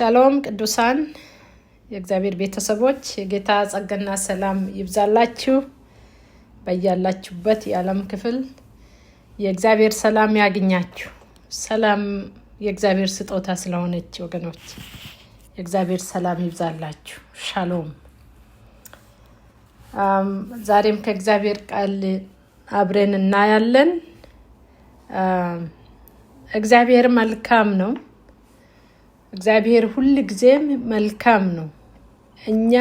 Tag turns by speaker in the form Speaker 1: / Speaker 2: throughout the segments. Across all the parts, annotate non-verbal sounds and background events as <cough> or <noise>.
Speaker 1: ሻሎም ቅዱሳን የእግዚአብሔር ቤተሰቦች የጌታ ጸጋና ሰላም ይብዛላችሁ። በያላችሁበት የዓለም ክፍል የእግዚአብሔር ሰላም ያግኛችሁ። ሰላም የእግዚአብሔር ስጦታ ስለሆነች ወገኖች የእግዚአብሔር ሰላም ይብዛላችሁ። ሻሎም። ዛሬም ከእግዚአብሔር ቃል አብረን እናያለን። እግዚአብሔር መልካም ነው። እግዚአብሔር ሁል ጊዜም መልካም ነው። እኛ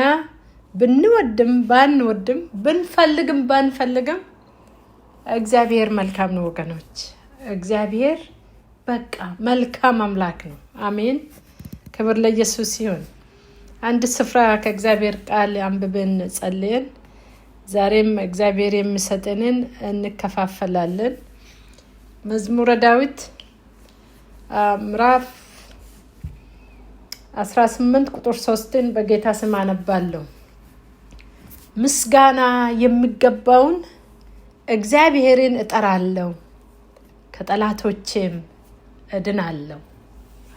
Speaker 1: ብንወድም ባንወድም ብንፈልግም ባንፈልግም እግዚአብሔር መልካም ነው ወገኖች። እግዚአብሔር በቃ መልካም አምላክ ነው። አሜን። ክብር ለኢየሱስ ይሁን። አንድ ስፍራ ከእግዚአብሔር ቃል አንብበን ጸልየን ዛሬም እግዚአብሔር የሚሰጠንን እንከፋፈላለን። መዝሙረ ዳዊት ምዕራፍ 18 ቁጥር 3 በጌታ ስም አነባለሁ። ምስጋና የሚገባውን እግዚአብሔርን እጠራለሁ፣ ከጠላቶቼም እድናለሁ።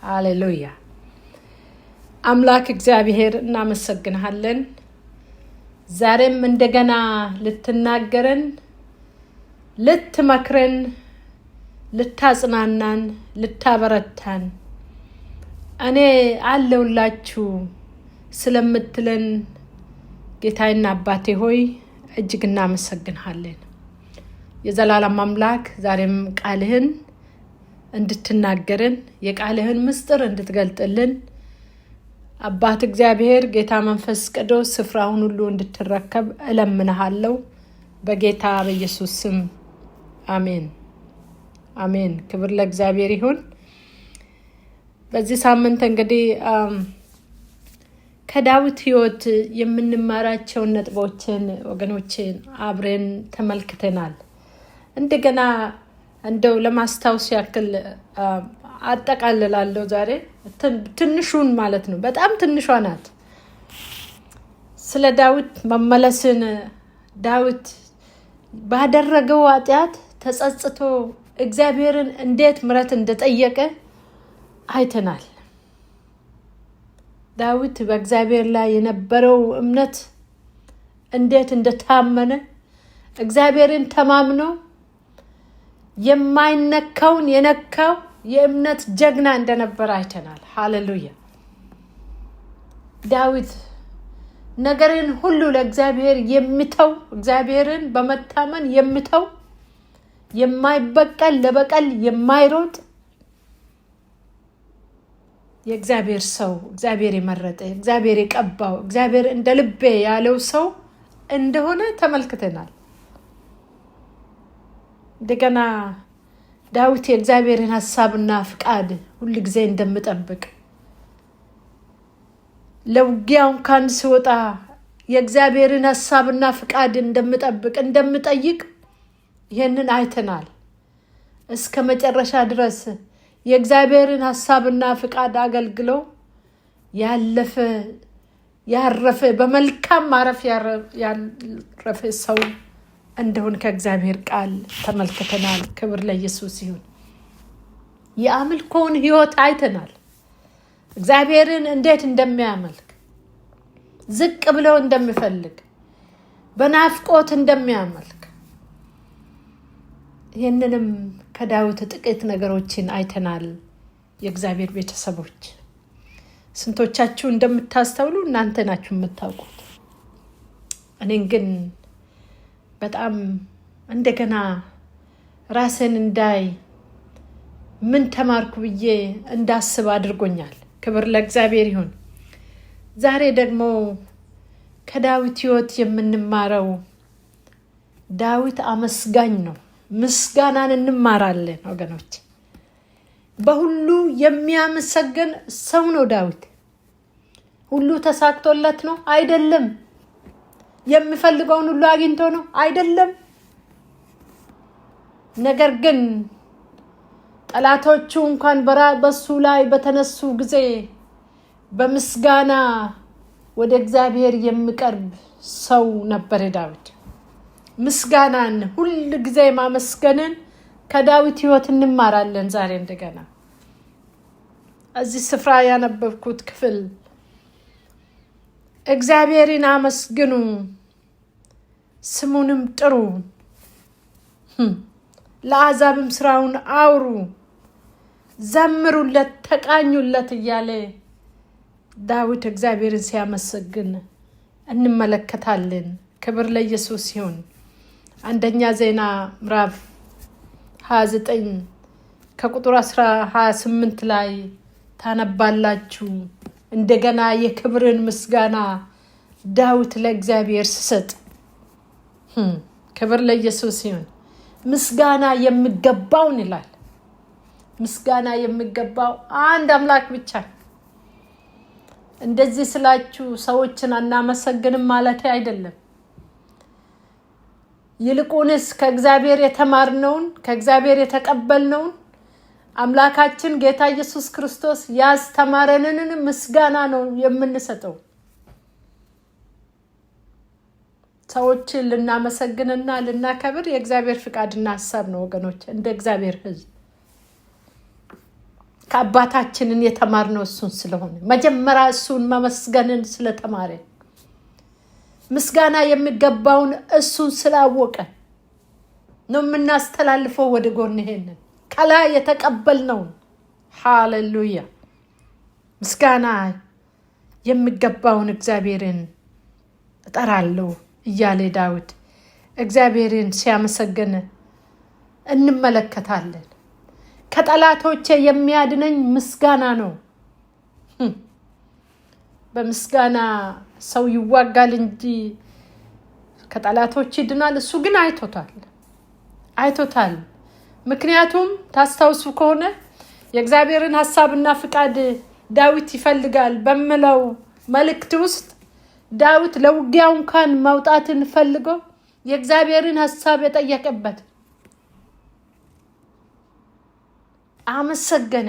Speaker 1: ሃሌሉያ! አምላክ እግዚአብሔር እናመሰግንሃለን። ዛሬም እንደገና ልትናገረን፣ ልትመክረን፣ ልታጽናናን፣ ልታበረታን እኔ አለውላችሁ ስለምትለን ጌታዬና አባቴ ሆይ እጅግ እናመሰግንሃለን። የዘላለም አምላክ ዛሬም ቃልህን እንድትናገርን የቃልህን ምስጢር እንድትገልጥልን አባት እግዚአብሔር ጌታ መንፈስ ቅዱስ ስፍራውን ሁሉ እንድትረከብ እለምንሃለው በጌታ በኢየሱስ ስም አሜን አሜን። ክብር ለእግዚአብሔር ይሁን። በዚህ ሳምንት እንግዲህ ከዳዊት ህይወት የምንማራቸውን ነጥቦችን ወገኖችን አብረን ተመልክተናል። እንደገና እንደው ለማስታወስ ያክል አጠቃልላለሁ ዛሬ ትንሹን ማለት ነው። በጣም ትንሿ ናት። ስለ ዳዊት መመለስን ዳዊት ባደረገው ኃጢአት ተጸጽቶ እግዚአብሔርን እንዴት ምሕረት እንደጠየቀ አይተናል። ዳዊት በእግዚአብሔር ላይ የነበረው እምነት እንዴት እንደታመነ እግዚአብሔርን ተማምኖ የማይነካውን የነካው የእምነት ጀግና እንደነበረ አይተናል። ሃሌሉያ! ዳዊት ነገርን ሁሉ ለእግዚአብሔር የሚተው እግዚአብሔርን በመታመን የሚተው የማይበቀል ለበቀል የማይሮጥ የእግዚአብሔር ሰው እግዚአብሔር የመረጠ እግዚአብሔር የቀባው እግዚአብሔር እንደ ልቤ ያለው ሰው እንደሆነ ተመልክተናል። እንደገና ዳዊት የእግዚአብሔርን ሀሳብና ፍቃድ ሁል ጊዜ እንደምጠብቅ ለውጊያ እንኳን ሲወጣ የእግዚአብሔርን ሀሳብና ፍቃድ እንደምጠብቅ እንደምጠይቅ ይህንን አይተናል። እስከ መጨረሻ ድረስ የእግዚአብሔርን ሀሳብና ፍቃድ አገልግለው ያለፈ ያረፈ በመልካም ማረፍ ያረፈ ሰው እንደሆን ከእግዚአብሔር ቃል ተመልክተናል። ክብር ለኢየሱስ ይሁን። የአምልኮውን ሕይወት አይተናል። እግዚአብሔርን እንዴት እንደሚያመልክ ዝቅ ብለው እንደሚፈልግ በናፍቆት እንደሚያመልክ ይህንንም ከዳዊት ጥቂት ነገሮችን አይተናል። የእግዚአብሔር ቤተሰቦች ስንቶቻችሁ እንደምታስተውሉ እናንተ ናችሁ የምታውቁት። እኔን ግን በጣም እንደገና ራሴን እንዳይ ምን ተማርኩ ብዬ እንዳስብ አድርጎኛል። ክብር ለእግዚአብሔር ይሁን። ዛሬ ደግሞ ከዳዊት ሕይወት የምንማረው ዳዊት አመስጋኝ ነው። ምስጋናን እንማራለን ወገኖች። በሁሉ የሚያመሰገን ሰው ነው ዳዊት። ሁሉ ተሳክቶለት ነው አይደለም። የሚፈልገውን ሁሉ አግኝቶ ነው አይደለም። ነገር ግን ጠላቶቹ እንኳን በሱ ላይ በተነሱ ጊዜ በምስጋና ወደ እግዚአብሔር የሚቀርብ ሰው ነበር ዳዊት። ምስጋናን ሁል ጊዜ ማመስገንን ከዳዊት ህይወት እንማራለን። ዛሬ እንደገና እዚህ ስፍራ ያነበብኩት ክፍል እግዚአብሔርን አመስግኑ፣ ስሙንም ጥሩ፣ hm፣ ለአሕዛብም ስራውን አውሩ፣ ዘምሩለት፣ ተቃኙለት እያለ ዳዊት እግዚአብሔርን ሲያመሰግን እንመለከታለን። ክብር ለኢየሱስ ይሁን። አንደኛ ዜና ምዕራፍ 29 ከቁጥር 128 ላይ ታነባላችሁ። እንደገና የክብርን ምስጋና ዳዊት ለእግዚአብሔር ስሰጥ፣ ክብር ለኢየሱስ ይሁን። ምስጋና የሚገባውን ይላል። ምስጋና የሚገባው አንድ አምላክ ብቻ። እንደዚህ ስላችሁ ሰዎችን አናመሰግንም ማለት አይደለም። ይልቁንስ ከእግዚአብሔር የተማርነውን ከእግዚአብሔር የተቀበልነውን አምላካችን ጌታ ኢየሱስ ክርስቶስ ያስተማረንን ምስጋና ነው የምንሰጠው። ሰዎችን ልናመሰግንና ልናከብር የእግዚአብሔር ፍቃድና ሀሳብ ነው ወገኖች። እንደ እግዚአብሔር ሕዝብ ከአባታችንን የተማርነው እሱን ስለሆነ መጀመሪያ እሱን መመስገንን ስለተማረ ምስጋና የሚገባውን እሱን ስላወቀ ነው የምናስተላልፈው ወደ ጎን ይሄንን ከላይ የተቀበልነውን። ሃሌሉያ! ምስጋና የሚገባውን እግዚአብሔርን እጠራለሁ እያለ ዳዊት እግዚአብሔርን ሲያመሰግን እንመለከታለን። ከጠላቶቼ የሚያድነኝ ምስጋና ነው። በምስጋና ሰው ይዋጋል እንጂ ከጠላቶች ይድናል። እሱ ግን አይቶታል አይቶታል። ምክንያቱም ታስታውሱ ከሆነ የእግዚአብሔርን ሀሳብና ፍቃድ ዳዊት ይፈልጋል በምለው መልእክት ውስጥ ዳዊት ለውጊያው እንኳን መውጣትን ፈልጎ የእግዚአብሔርን ሀሳብ የጠየቀበት አመሰገነ።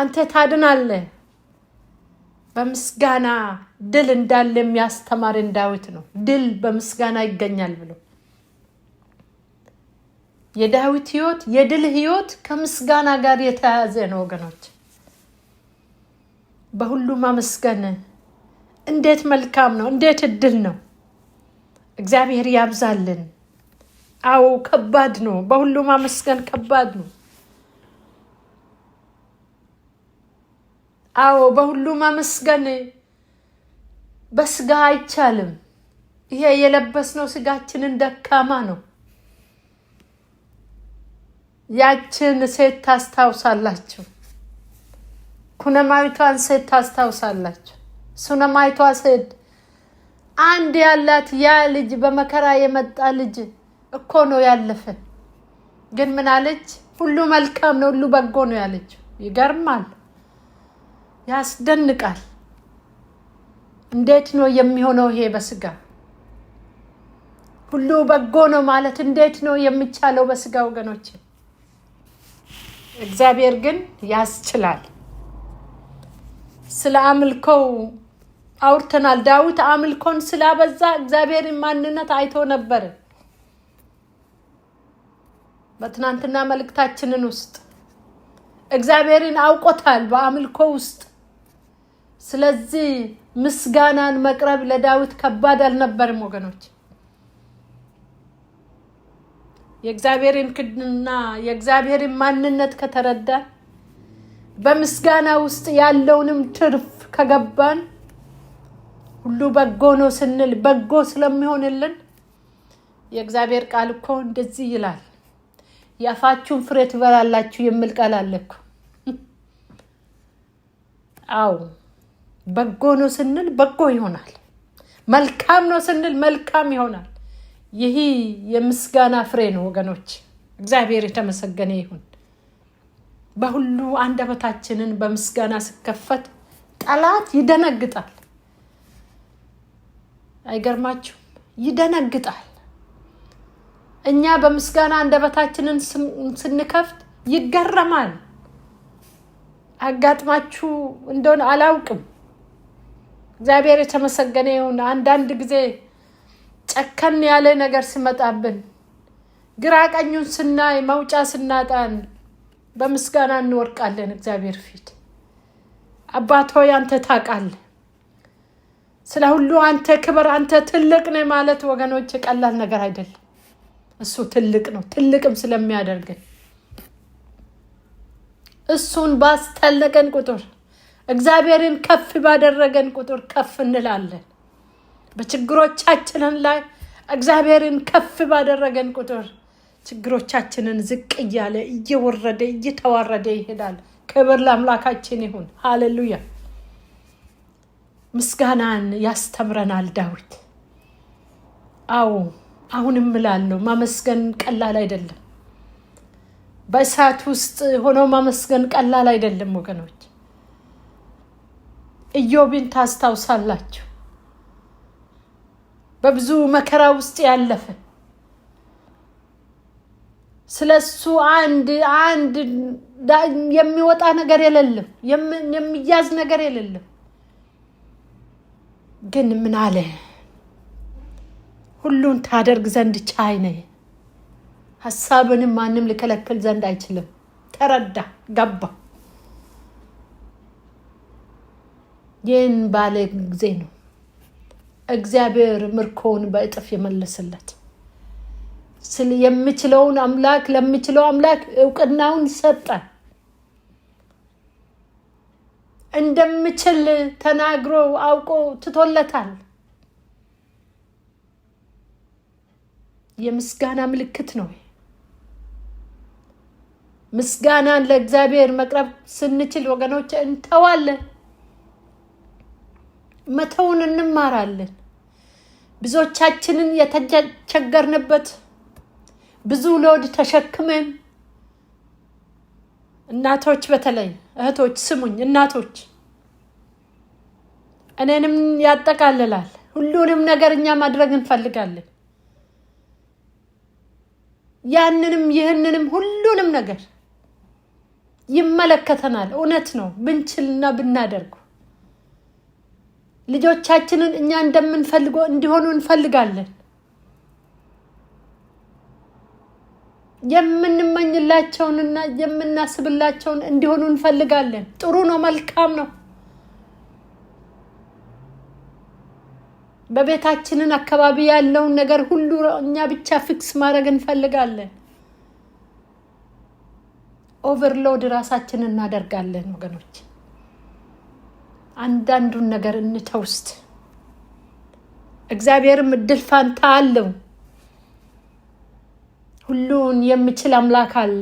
Speaker 1: አንተ ታድናለህ በምስጋና ድል እንዳለ የሚያስተማርን ዳዊት ነው። ድል በምስጋና ይገኛል ብሎ የዳዊት ህይወት የድል ህይወት ከምስጋና ጋር የተያያዘ ነው ወገኖች። በሁሉም አመስገን። እንዴት መልካም ነው! እንዴት እድል ነው! እግዚአብሔር ያብዛልን። አዎ ከባድ ነው። በሁሉም አመስገን ከባድ ነው። አዎ በሁሉ ማመስገን በስጋ አይቻልም። ይሄ የለበስነው ስጋችንን ደካማ ነው። ያችን ሴት ታስታውሳላችሁ። ኩነማዊቷን ሴት ታስታውሳላችሁ። ሱነማዊቷ ሴት አንድ ያላት ያ ልጅ በመከራ የመጣ ልጅ እኮ ነው ያለፈ ግን ምን አለች? ሁሉ መልካም ነው፣ ሁሉ በጎ ነው ያለችው። ይገርማል። ያስደንቃል። እንዴት ነው የሚሆነው ይሄ በስጋ ሁሉ በጎ ነው ማለት እንዴት ነው የሚቻለው በስጋ ወገኖች? እግዚአብሔር ግን ያስችላል። ስለ አምልኮው አውርተናል። ዳዊት አምልኮን ስላበዛ እግዚአብሔርን ማንነት አይቶ ነበር። በትናንትና መልእክታችንን ውስጥ እግዚአብሔርን አውቆታል በአምልኮ ውስጥ ስለዚህ ምስጋናን መቅረብ ለዳዊት ከባድ አልነበርም ወገኖች። የእግዚአብሔርን ክድና የእግዚአብሔርን ማንነት ከተረዳ በምስጋና ውስጥ ያለውንም ትርፍ ከገባን ሁሉ በጎ ነው ስንል በጎ ስለሚሆንልን የእግዚአብሔር ቃል እኮ እንደዚህ ይላል፣ የአፋችሁን ፍሬ ትበላላችሁ የሚል ቃል አለ እኮ። በጎ ነው ስንል በጎ ይሆናል። መልካም ነው ስንል መልካም ይሆናል። ይህ የምስጋና ፍሬ ነው ወገኖች። እግዚአብሔር የተመሰገነ ይሁን። በሁሉ አንደበታችንን በምስጋና ስከፈት ጠላት ይደነግጣል። አይገርማችሁም? ይደነግጣል። እኛ በምስጋና አንደበታችንን ስንከፍት ይገረማል። አጋጥማችሁ እንደሆነ አላውቅም። እግዚአብሔር የተመሰገነ ይሁን። አንዳንድ ጊዜ ጨከን ያለ ነገር ሲመጣብን ግራ ቀኙን ስናይ መውጫ ስናጣን በምስጋና እንወርቃለን እግዚአብሔር ፊት። አባት ሆይ አንተ ታውቃለህ ስለ ሁሉ አንተ ክብር፣ አንተ ትልቅ ነህ ማለት ወገኖች ቀላል ነገር አይደለም። እሱ ትልቅ ነው፣ ትልቅም ስለሚያደርግን እሱን ባስተለቀን ቁጥር እግዚአብሔርን ከፍ ባደረገን ቁጥር ከፍ እንላለን። በችግሮቻችንን ላይ እግዚአብሔርን ከፍ ባደረገን ቁጥር ችግሮቻችንን ዝቅ እያለ እየወረደ እየተዋረደ ይሄዳል። ክብር ለአምላካችን ይሁን። ሃሌሉያ። ምስጋናን ያስተምረናል ዳዊት። አዎ አሁንም እላለሁ ማመስገን ቀላል አይደለም። በእሳት ውስጥ ሆኖ ማመስገን ቀላል አይደለም ወገኖች። ኢዮብን ታስታውሳላችሁ። በብዙ መከራ ውስጥ ያለፈ ስለ እሱ አንድ አንድ የሚወጣ ነገር የሌለም፣ የሚያዝ ነገር የሌለም። ግን ምን አለ? ሁሉን ታደርግ ዘንድ ቻይ ነህ፣ ሀሳብንም ማንም ሊከለክል ዘንድ አይችልም። ተረዳ፣ ገባ። ይህን ባለ ጊዜ ነው እግዚአብሔር ምርኮውን በእጥፍ የመለሰለት። ስለ የምችለውን አምላክ ለምችለው አምላክ እውቅናውን ሰጠ። እንደምችል ተናግሮ አውቆ ትቶለታል። የምስጋና ምልክት ነው። ምስጋናን ለእግዚአብሔር መቅረብ ስንችል ወገኖች እንተዋለን። መተውን እንማራለን። ብዙዎቻችንን የተቸገርንበት ብዙ ሎድ ተሸክመን እናቶች፣ በተለይ እህቶች ስሙኝ፣ እናቶች እኔንም ያጠቃልላል። ሁሉንም ነገር እኛ ማድረግ እንፈልጋለን። ያንንም ይህንንም ሁሉንም ነገር ይመለከተናል። እውነት ነው ብንችልና ብናደርጉ ልጆቻችንን እኛ እንደምንፈልገው እንዲሆኑ እንፈልጋለን። የምንመኝላቸውንና የምናስብላቸውን እንዲሆኑ እንፈልጋለን። ጥሩ ነው፣ መልካም ነው። በቤታችንን አካባቢ ያለውን ነገር ሁሉ እኛ ብቻ ፊክስ ማድረግ እንፈልጋለን። ኦቨርሎድ ራሳችን እናደርጋለን ወገኖች። አንዳንዱን ነገር እንተውስት። እግዚአብሔርም እድል ፋንታ አለው። ሁሉን የሚችል አምላክ አለ።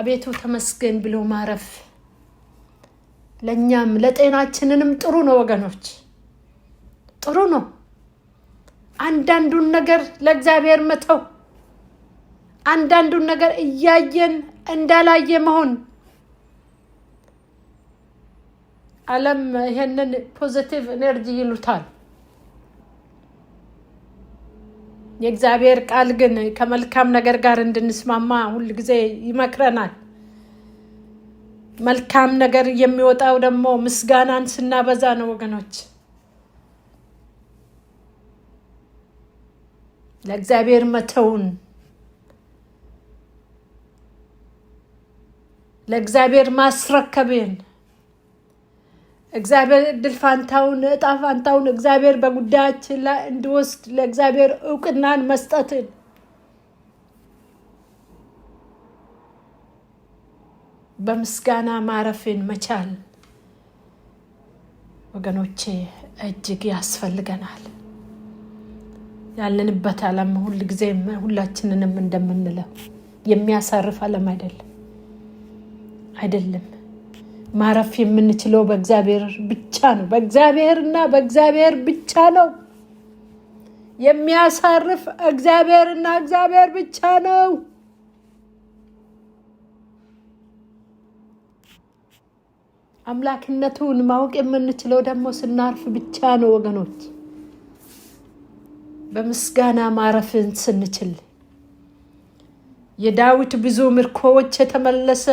Speaker 1: አቤቱ ተመስገን ብሎ ማረፍ ለእኛም ለጤናችንንም ጥሩ ነው ወገኖች፣ ጥሩ ነው። አንዳንዱን ነገር ለእግዚአብሔር መተው፣ አንዳንዱን ነገር እያየን እንዳላየ መሆን ዓለም ይሄንን ፖዘቲቭ ኤነርጂ ይሉታል። የእግዚአብሔር ቃል ግን ከመልካም ነገር ጋር እንድንስማማ ሁል ጊዜ ይመክረናል። መልካም ነገር የሚወጣው ደግሞ ምስጋናን ስናበዛ ነው ወገኖች። ለእግዚአብሔር መተውን ለእግዚአብሔር ማስረከብን እግዚአብሔር እድል ፋንታውን እጣ ፋንታውን እግዚአብሔር በጉዳያችን ላይ እንዲወስድ ለእግዚአብሔር እውቅናን መስጠትን በምስጋና ማረፍን መቻል ወገኖቼ እጅግ ያስፈልገናል። ያለንበት ዓለም ሁል ጊዜ ሁላችንንም እንደምንለው የሚያሳርፍ ዓለም አይደለም አይደለም። ማረፍ የምንችለው በእግዚአብሔር ብቻ ነው። በእግዚአብሔርና በእግዚአብሔር ብቻ ነው። የሚያሳርፍ እግዚአብሔርና እግዚአብሔር ብቻ ነው። አምላክነቱን ማወቅ የምንችለው ደግሞ ስናርፍ ብቻ ነው ወገኖች፣ በምስጋና ማረፍን ስንችል የዳዊት ብዙ ምርኮዎች የተመለሰ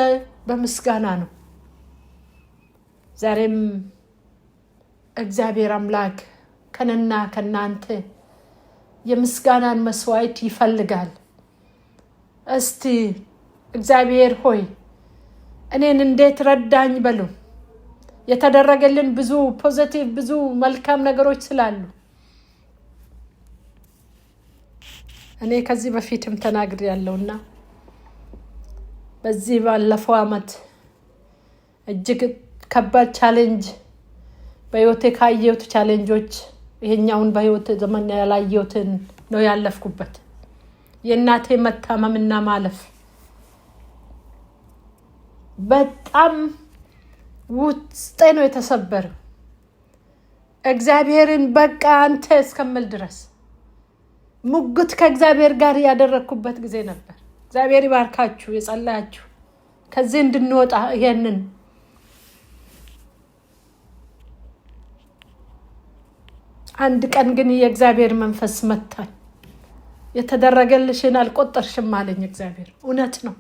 Speaker 1: በምስጋና ነው። ዛሬም እግዚአብሔር አምላክ ከነና ከናንተ የምስጋናን መስዋዕት ይፈልጋል። እስቲ እግዚአብሔር ሆይ እኔን እንዴት ረዳኝ በሉ። የተደረገልን ብዙ ፖዘቲቭ ብዙ መልካም ነገሮች ስላሉ እኔ ከዚህ በፊትም ተናግር ያለውና በዚህ ባለፈው ዓመት እጅግ ከባድ ቻሌንጅ በህይወቴ ካየሁት ቻሌንጆች ይሄኛውን በህይወት ዘመን ያላየሁትን ነው ያለፍኩበት። የእናቴ መታመምና ማለፍ በጣም ውስጤ ነው የተሰበረው። እግዚአብሔርን በቃ አንተ እስከምል ድረስ ሙግት ከእግዚአብሔር ጋር ያደረግኩበት ጊዜ ነበር። እግዚአብሔር ይባርካችሁ የጸላያችሁ ከዚህ እንድንወጣ ይሄንን አንድ ቀን ግን የእግዚአብሔር መንፈስ መታኝ። የተደረገልሽን አልቆጠርሽም አለኝ እግዚአብሔር። እውነት ነው፣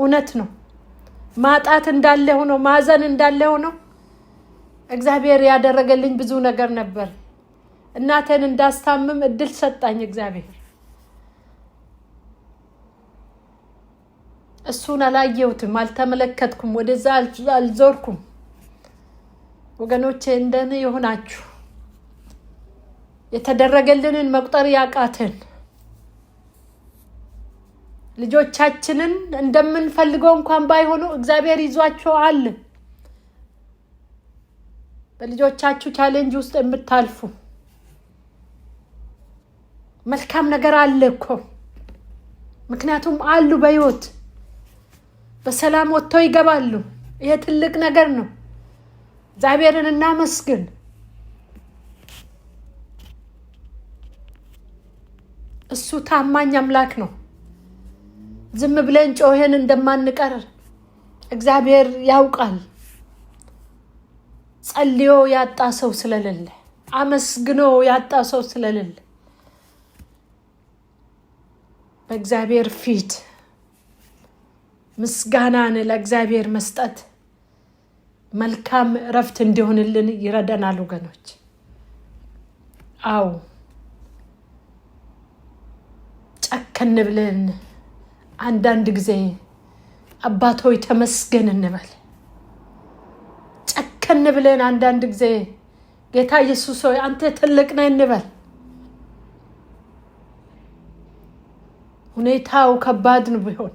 Speaker 1: እውነት ነው። ማጣት እንዳለ ሆኖ ማዘን እንዳለ ሆኖ እግዚአብሔር ያደረገልኝ ብዙ ነገር ነበር። እናቴን እንዳስታምም እድል ሰጣኝ እግዚአብሔር። እሱን አላየሁትም፣ አልተመለከትኩም፣ ወደዛ አልዞርኩም። ወገኖቼ እንደኔ የሆናችሁ የተደረገልንን መቁጠር ያቃትን ልጆቻችንን እንደምንፈልገው እንኳን ባይሆኑ እግዚአብሔር ይዟቸዋል። በልጆቻችሁ ቻሌንጅ ውስጥ የምታልፉ መልካም ነገር አለ እኮ ምክንያቱም አሉ በህይወት በሰላም ወጥተው ይገባሉ። ይሄ ትልቅ ነገር ነው። እግዚአብሔርን እናመስግን። እሱ ታማኝ አምላክ ነው። ዝም ብለን ጮሄን እንደማንቀር እግዚአብሔር ያውቃል። ጸልዮ ያጣ ሰው ስለሌለ፣ አመስግኖ ያጣ ሰው ስለሌለ በእግዚአብሔር ፊት ምስጋናን ለእግዚአብሔር መስጠት መልካም እረፍት እንዲሆንልን ይረዳናል ወገኖች። አው ጨከን ብለን አንዳንድ ጊዜ አባት ሆይ ተመስገን እንበል። ጨከን ብለን አንዳንድ ጊዜ ጌታ ኢየሱስ ሆይ አንተ ትልቅ ነህ እንበል። ሁኔታው ከባድ ነው ቢሆን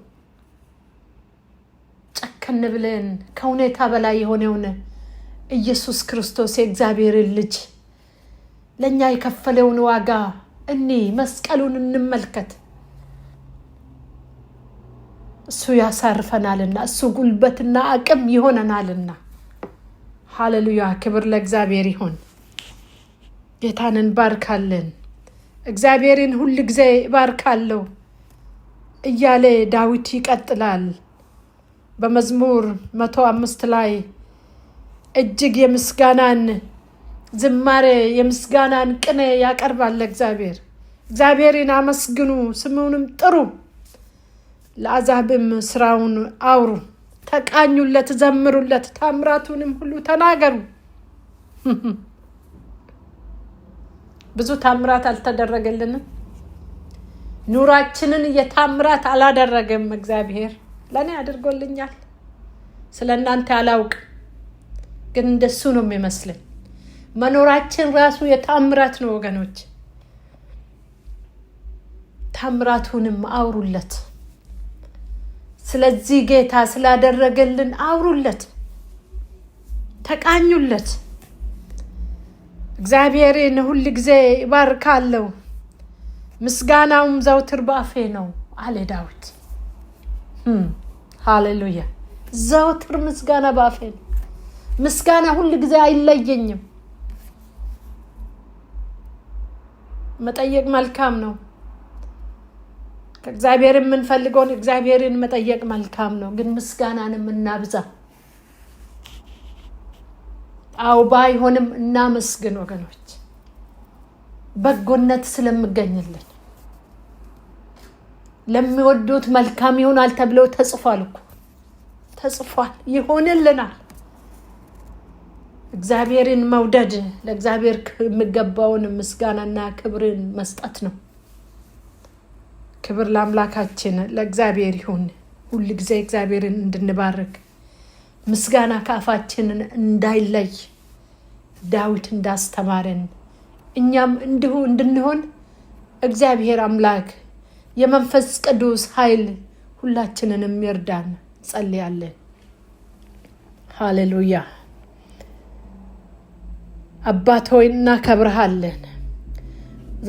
Speaker 1: ጨከን ብለን ከሁኔታ በላይ የሆነውን ኢየሱስ ክርስቶስ የእግዚአብሔርን ልጅ ለእኛ የከፈለውን ዋጋ እኒ መስቀሉን እንመልከት። እሱ ያሳርፈናልና እሱ ጉልበትና አቅም ይሆነናልና። ሃሌሉያ! ክብር ለእግዚአብሔር ይሁን። ጌታን እንባርካለን። እግዚአብሔርን ሁል ጊዜ እባርካለሁ እያለ ዳዊት ይቀጥላል። በመዝሙር መቶ አምስት ላይ እጅግ የምስጋናን ዝማሬ የምስጋናን ቅኔ ያቀርባል። እግዚአብሔር እግዚአብሔርን አመስግኑ ስሙንም ጥሩ ለአዛብም ስራውን አውሩ፣ ተቃኙለት፣ ዘምሩለት፣ ታምራቱንም ሁሉ ተናገሩ። <laughs> ብዙ ታምራት አልተደረገልንም። ኑራችንን የታምራት አላደረገም እግዚአብሔር። ለእኔ አድርጎልኛል። ስለ እናንተ አላውቅ፣ ግን እንደሱ ነው የሚመስለኝ። መኖራችን ራሱ የታምራት ነው ወገኖች። ታምራቱንም አውሩለት። ስለዚህ ጌታ ስላደረገልን አውሩለት፣ ተቃኙለት። እግዚአብሔርን ሁል ጊዜ ይባርካለው፣ ምስጋናውም ዘውትር ባፌ ነው አለ ዳዊት። ሃሌሉያ! ዘውትር ምስጋና ባፌ ነው። ምስጋና ሁል ጊዜ አይለየኝም። መጠየቅ መልካም ነው። ከእግዚአብሔር የምንፈልገውን እግዚአብሔርን መጠየቅ መልካም ነው፣ ግን ምስጋናን የምናብዛ አው ባይሆንም እናመስግን ወገኖች፣ በጎነት ስለምገኝልን ለሚወዱት መልካም ይሆናል ተብለው ተጽፏል እኮ ተጽፏል። ይሆንልናል። እግዚአብሔርን መውደድ ለእግዚአብሔር የሚገባውን ምስጋናና ክብርን መስጠት ነው። ክብር ለአምላካችን ለእግዚአብሔር ይሁን። ሁል ጊዜ እግዚአብሔርን እንድንባርክ ምስጋና ከአፋችንን እንዳይለይ ዳዊት እንዳስተማረን እኛም እንዲሁ እንድንሆን እግዚአብሔር አምላክ የመንፈስ ቅዱስ ኃይል ሁላችንንም ይርዳን። ጸልያለን። ሃሌሉያ። አባት ሆይ እናከብርሃለን።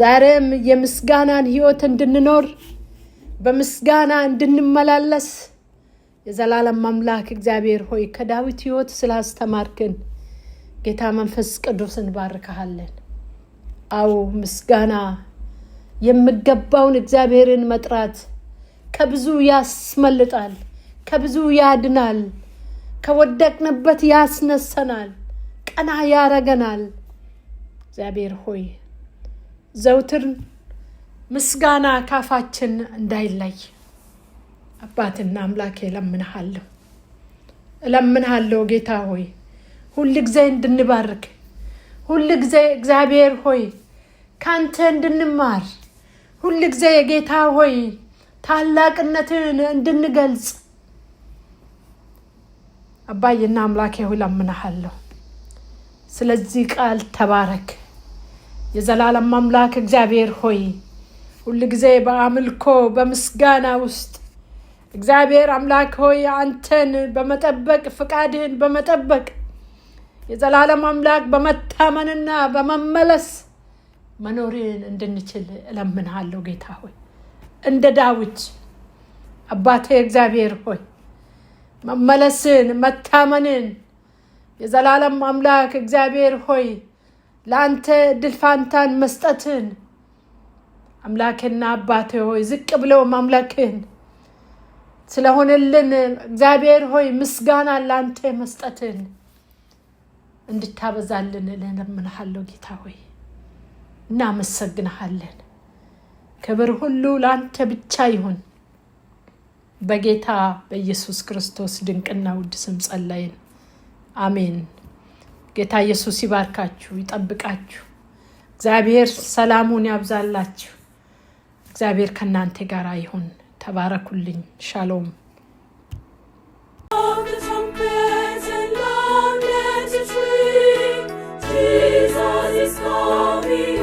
Speaker 1: ዛሬም የምስጋናን ህይወት እንድንኖር በምስጋና እንድንመላለስ የዘላለም አምላክ እግዚአብሔር ሆይ ከዳዊት ህይወት ስላስተማርክን ጌታ መንፈስ ቅዱስ እንባርካሃለን። አዎ ምስጋና የምገባውን እግዚአብሔርን መጥራት ከብዙ ያስመልጣል፣ ከብዙ ያድናል፣ ከወደቅንበት ያስነሰናል፣ ቀና ያረገናል። እግዚአብሔር ሆይ ዘውትር ምስጋና ካፋችን እንዳይለይ አባትና አምላኬ እለምንሃለሁ እለምንሃለሁ ጌታ ሆይ ሁል ጊዜ እንድንባርክ ሁል ጊዜ እግዚአብሔር ሆይ ካንተ እንድንማር ሁል ጊዜ ጌታ ሆይ ታላቅነትን እንድንገልጽ አባይና አምላኬ ሆይ እለምንሃለሁ። ስለዚህ ቃል ተባረክ። የዘላለም አምላክ እግዚአብሔር ሆይ ሁል ጊዜ በአምልኮ በምስጋና ውስጥ እግዚአብሔር አምላክ ሆይ አንተን በመጠበቅ ፍቃድህን በመጠበቅ የዘላለም አምላክ በመታመንና በመመለስ መኖርን እንድንችል እለምንሃለሁ ጌታ ሆይ እንደ ዳዊት አባቴ እግዚአብሔር ሆይ መመለስን መታመንን የዘላለም አምላክ እግዚአብሔር ሆይ ለአንተ ድልፋንታን መስጠትን አምላክና አባቴ ሆይ ዝቅ ብለው ማምላክህን ስለሆነልን እግዚአብሔር ሆይ ምስጋና ለአንተ መስጠትን እንድታበዛልን እለምንሃለሁ። ጌታ ሆይ እናመሰግንሃለን። ክብር ሁሉ ለአንተ ብቻ ይሁን። በጌታ በኢየሱስ ክርስቶስ ድንቅና ውድ ስም ጸለይን። አሜን። ጌታ ኢየሱስ ይባርካችሁ፣ ይጠብቃችሁ። እግዚአብሔር ሰላሙን ያብዛላችሁ። እግዚአብሔር ከእናንተ ጋር ይሁን። ተባረኩልኝ። ሻሎም
Speaker 2: Jesus is coming.